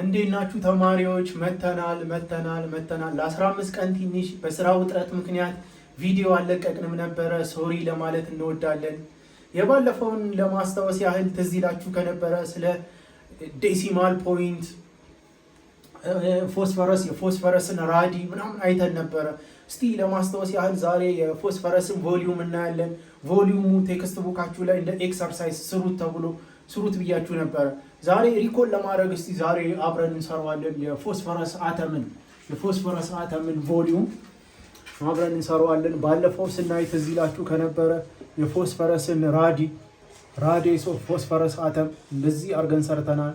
እንዴት ናችሁ ተማሪዎች? መተናል መተናል መተናል። ለ15 ቀን ትንሽ በስራ ውጥረት ምክንያት ቪዲዮ አለቀቅንም ነበረ። ሶሪ ለማለት እንወዳለን። የባለፈውን ለማስታወስ ያህል ትዝ ይላችሁ ከነበረ ስለ ዴሲማል ፖይንት፣ ፎስፈረስ የፎስፈረስን ራዲ ምናምን አይተን ነበረ። እስቲ ለማስታወስ ያህል ዛሬ የፎስፈረስን ቮሊዩም እናያለን። ቮሊዩሙ ቴክስት ቡካችሁ ላይ እንደ ኤክሰርሳይዝ ስሩት ተብሎ ስሩት ብያችሁ ነበረ። ዛሬ ሪኮል ለማድረግ እስቲ ዛሬ አብረን እንሰራዋለን። የፎስፈረስ አተምን የፎስፈረስ አተምን ቮሊዩም አብረን እንሰራዋለን። ባለፈው ስናይ ትዝ ይላችሁ ከነበረ የፎስፈረስን ራዲ ራዲስ ኦፍ ፎስፈረስ አተም እንደዚህ አድርገን ሰርተናል።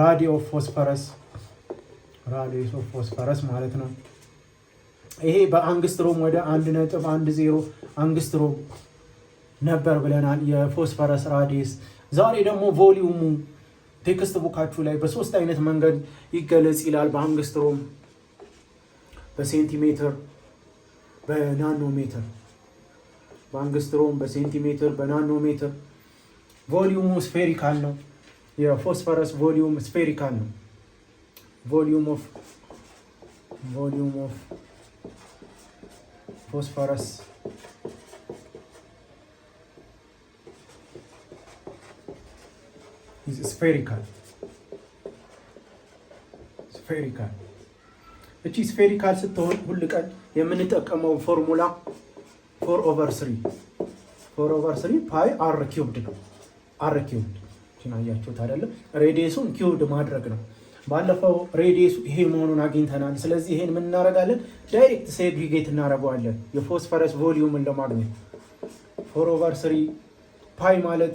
ራዲ ኦፍ ፎስፈረስ ራዲስ ኦፍ ፎስፈረስ ማለት ነው። ይሄ በአንግስትሮም ወደ አንድ ነጥብ አንድ ዜሮ አንግስትሮም ነበር ብለናል። የፎስፈረስ ራዲስ ዛሬ ደግሞ ቮሊዩሙ ቴክስት ቡካችሁ ላይ በሶስት አይነት መንገድ ይገለጽ ይላል። በአንግስትሮም፣ በሴንቲሜትር፣ በናኖሜትር በአንግስትሮም፣ በሴንቲሜትር፣ በናኖሜትር። ቮሊዩሙ ስፌሪካል ነው። የፎስፈረስ ቮሊዩም ስፌሪካል ነው። ቮሊዩም ኦፍ ቮሊዩም ኦፍ ፎስፈረስ ስፌሪካል ስፌሪካል። እቺ ስፌሪካል ስትሆን ሁል ቀን የምንጠቀመው ፎርሙላ ፎር ኦቨር ስሪ ፎር ኦቨር ስሪ ፓይ አር ኪውብድ ነው። አር ኪውብድ አያችሁት አይደለም? ሬዲየሱን ኪውብድ ማድረግ ነው። ባለፈው ሬዲየሱ ይሄ መሆኑን አግኝተናል። ስለዚህ ይሄን ምን እናደርጋለን? ዳይሬክት ሴግሪጌት እናደርገዋለን የፎስፈረስ ቮሊዩምን ለማግኘት ፎር ኦቨር ስሪ ፓይ ማለት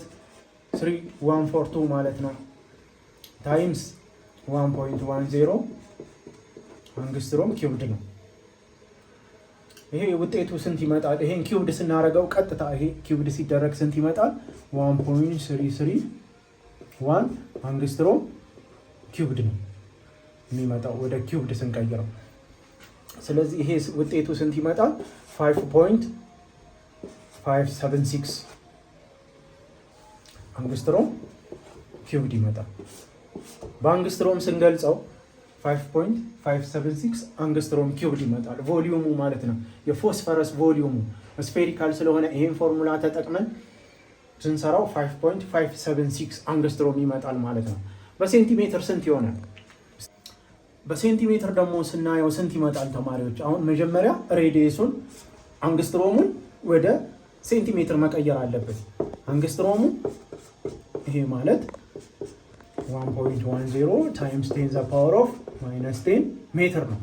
ስሪ ዋን ፎር ቱ ማለት ነው ታይምስ ዋን ፖይንት ዋን ዜሮ አንግስትሮም ኪውብድ ነው። ይሄ ውጤቱ ስንት ይመጣል? ይሄን ኪውብድ ስናደርገው ቀጥታ ይሄ ኪውብድ ሲደረግ ስንት ይመጣል? ዋን ፖይንት ስሪ ስሪ ዋን አንግስትሮም ኪውብድ ነው የሚመጣው ወደ ኪውብድ ስንቀይረው። ስለዚህ ይሄ ውጤቱ ስንት ይመጣል? ፋይቭ ፖይንት ፋይቭ ሰቨን ሲክስ አንግስትሮም ኪዩብድ ይመጣል። በአንግስትሮም ስንገልጸው 5.576 አንግስትሮም ኪዩብድ ይመጣል። ቮሊዩሙ ማለት ነው የፎስፈረስ ቮሊዩሙ ስፌሪካል ስለሆነ ይህን ፎርሙላ ተጠቅመን ስንሰራው 5.576 አንግስትሮም ይመጣል ማለት ነው። በሴንቲሜትር ስንት ይሆናል? በሴንቲሜትር ደግሞ ስናየው ስንት ይመጣል? ተማሪዎች አሁን መጀመሪያ ሬዲየሱን አንግስትሮሙን ወደ ሴንቲሜትር መቀየር አለበት። አንግስትሮሙ ይሄ ማለት 1.10 ታይምስ 10 ዘ ፓወር ኦፍ ማይነስ 10 ሜትር ነው።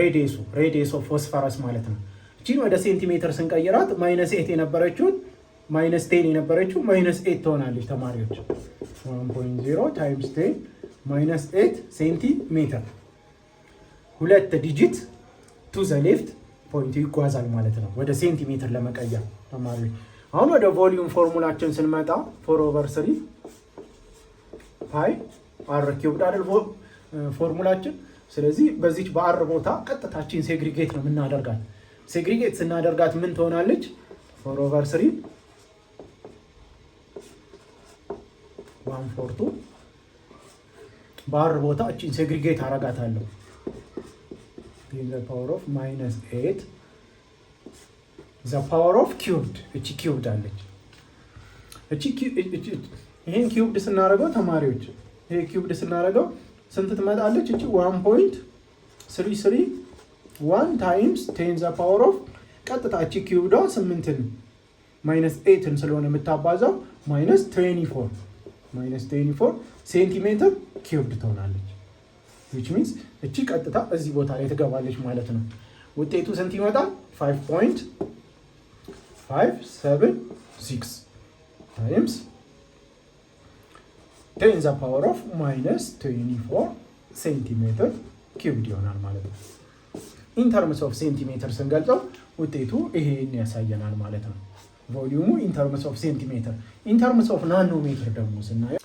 ሬዲየሱ ሬዲየስ ኦፍ ፎስፈረስ ማለት ነው። እቺን ወደ ሴንቲሜትር ስንቀይራት ማይነስ ኤት የነበረችውን ማይነስ 10 የነበረችው ማይነስ ኤት ትሆናለች። ተማሪዎች 1.0 ታይምስ 10 ማይነስ 8 ሴንቲሜትር ሁለት ዲጂት ቱ ዘ ሌፍት ፖይንቱ ይጓዛል ማለት ነው። ወደ ሴንቲሜትር ለመቀየር ተማሪዎች አሁን ወደ ቮሊዩም ፎርሙላችን ስንመጣ ፎር ኦቨር ስሪ ፓይ አር ኪውብድ አይደል ፎርሙላችን። ስለዚህ በዚች በአር ቦታ ቀጥታችን ሴግሪጌት ነው የምናደርጋት። ሴግሪጌት ስናደርጋት ምን ትሆናለች? ፎር ኦቨር ስሪ ዋን ፎር በአር ቦታ እቺን ሴግሪጌት አረጋታለሁ ፓወር ኦፍ ማይነስ ዘ ፓወር ኦፍ ኪዩብድ። እቺ ኪዩብድ አለች። ይህን ኪዩብድ ስናደርገው ተማሪዎች ይሄ ኪዩብድ ስናደርገው ስንት ትመጣለች? እቺ ዋን ፖይንት ስሪ ስሪ ዋን ታይምስ ቴን ዘ ፓወር ኦፍ ቀጥታ እቺ ኪውብዷ ስምንትን ማይነስ ኤትን ስለሆነ የምታባዛው ማይነስ ትዌንቲ ፎር ማይነስ ትዌንቲ ፎር ሴንቲሜትር ኪዩብድ ትሆናለች። ዊች ሚንስ እቺ ቀጥታ እዚህ ቦታ ላይ ትገባለች ማለት ነው። ውጤቱ ስንት ይመጣል? ፋይቭ ፖይንት five seven six times ቴን ዘ ፓወር ኦፍ ማይነስ ትዌንቲ ፎር ሴንቲሜትር ኪውብድ ይሆናል ማለት ነው። ኢንተርምስ ኦፍ ሴንቲሜትር ስንገልጸው ውጤቱ ይሄን ያሳየናል ማለት ነው። ቮሊዩሙ ኢንተርምስ ኦፍ ሴንቲሜትር፣ ኢንተርምስ ኦፍ ናኖሜትር ደግሞ ስናየው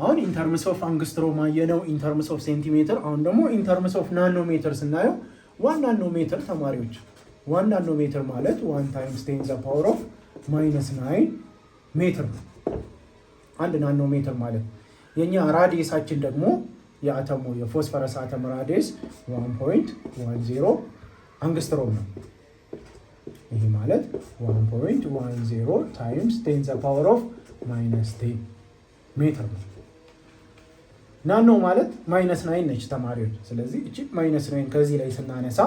አሁን ኢንተርምስ ኦፍ አንግስትሮ ማየነው ኢንተርምስ ኦፍ ሴንቲሜትር፣ አሁን ደግሞ ኢንተርምስ ኦፍ ናኖሜትር ስናየው ዋን ናኖሜትር ተማሪዎች ዋን ናኖሜትር ሜትር ማለት ዋን ታይምስ ቴን ዘ ፓወር ኦፍ ማይነስ ናይን ሜትር ነው። አንድ ናኖሜትር ማለት የእኛ ራዲየሳችን ደግሞ የአተሙ የፎስፈረስ አተም ራዲየስ 1.10 አንግስትሮም ነው። ይህ ማለት 1.10 ታይምስ ቴን ዘ ፓወር ኦፍ ማይነስ ቴን ሜትር ነው። ናኖ ማለት ማይነስ ናይን ነች ተማሪዎች። ስለዚህ እቺ ማይነስ ናይን ከዚህ ላይ ስናነሳ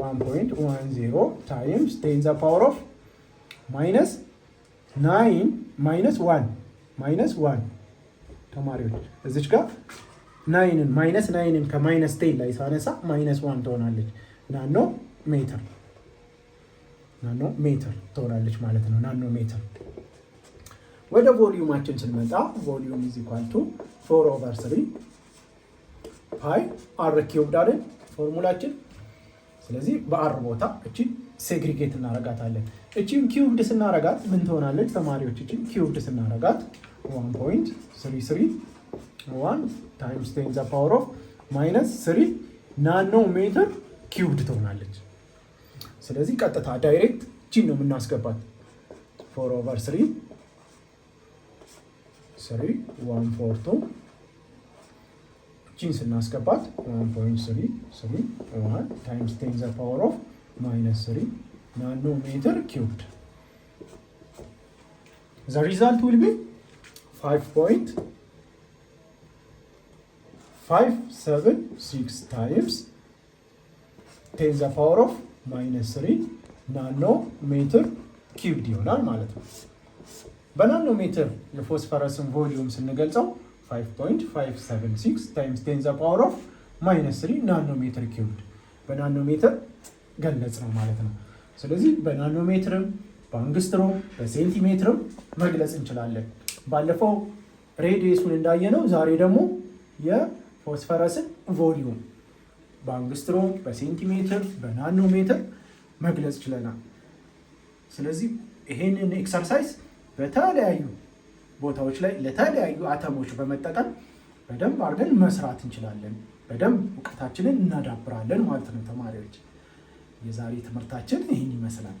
1.10 ታይምስ ቴን ዘ ፓወር ኦፍ ማይነስ ናይን ማይነስ ዋን ማይነስ ዋን ተማሪዎች እዚች ጋር ናይንን ማይነስ ናይንን ከማይነስ ቴን ላይ ሳነሳ ማይነስ ዋን ትሆናለች። ናኖ ሜትር ናኖ ሜትር ትሆናለች ማለት ነው። ናኖ ሜትር ወደ ቮሊዩማችን ስንመጣ ቮሊዩም ኢዝ ኢኳል ቱ ፎር ኦቨር ስሪ ፓይ አር ኪውብድ አለን ፎርሙላችን። ስለዚህ በአር ቦታ እቺ ሴግሪጌት እናረጋታለን። እቺም ኪውብድ ስናረጋት ምን ትሆናለች ተማሪዎች? እቺ ኪውብድ ስናረጋት ዋን ፖይንት ስሪ ስሪ ዋን ታይምስ ቴን ዘ ፓወር ኦፍ ማይነስ 3 ናኖ ሜትር ኪውብድ ትሆናለች። ስለዚህ ቀጥታ ዳይሬክት እቺን ነው የምናስገባት ፎር ኦቨር ስሪ Sorry, one Chins and Naskapat, one times ten to the power of minus three nanometer cubed. The result will be five point five seven six times ten to the power of minus three nanometer cubed. You know, በናኖ ሜትር የፎስፈረስን ቮሊዩም ስንገልጸው 5.576 ታይምስ 10 ዘ ፓወር ኦፍ ማይነስ 3 ናኖ ሜትር ኪዩብድ በናኖሜትር ገለጽ ነው ማለት ነው። ስለዚህ በናኖ በአንግስትሮም በሴንቲሜትርም መግለጽ እንችላለን። ባለፈው ሬዲየሱን እንዳየነው ዛሬ ደግሞ የፎስፈረስን ቮሊዩም በአንግስትሮ በሴንቲሜትር በናኖ ሜትር መግለጽ ችለናል። ስለዚህ ይሄንን ኤክሰርሳይዝ በተለያዩ ቦታዎች ላይ ለተለያዩ አተሞች በመጠቀም በደንብ አድርገን መስራት እንችላለን። በደንብ እውቀታችንን እናዳብራለን ማለት ነው ተማሪዎች። የዛሬ ትምህርታችን ይህን ይመስላል።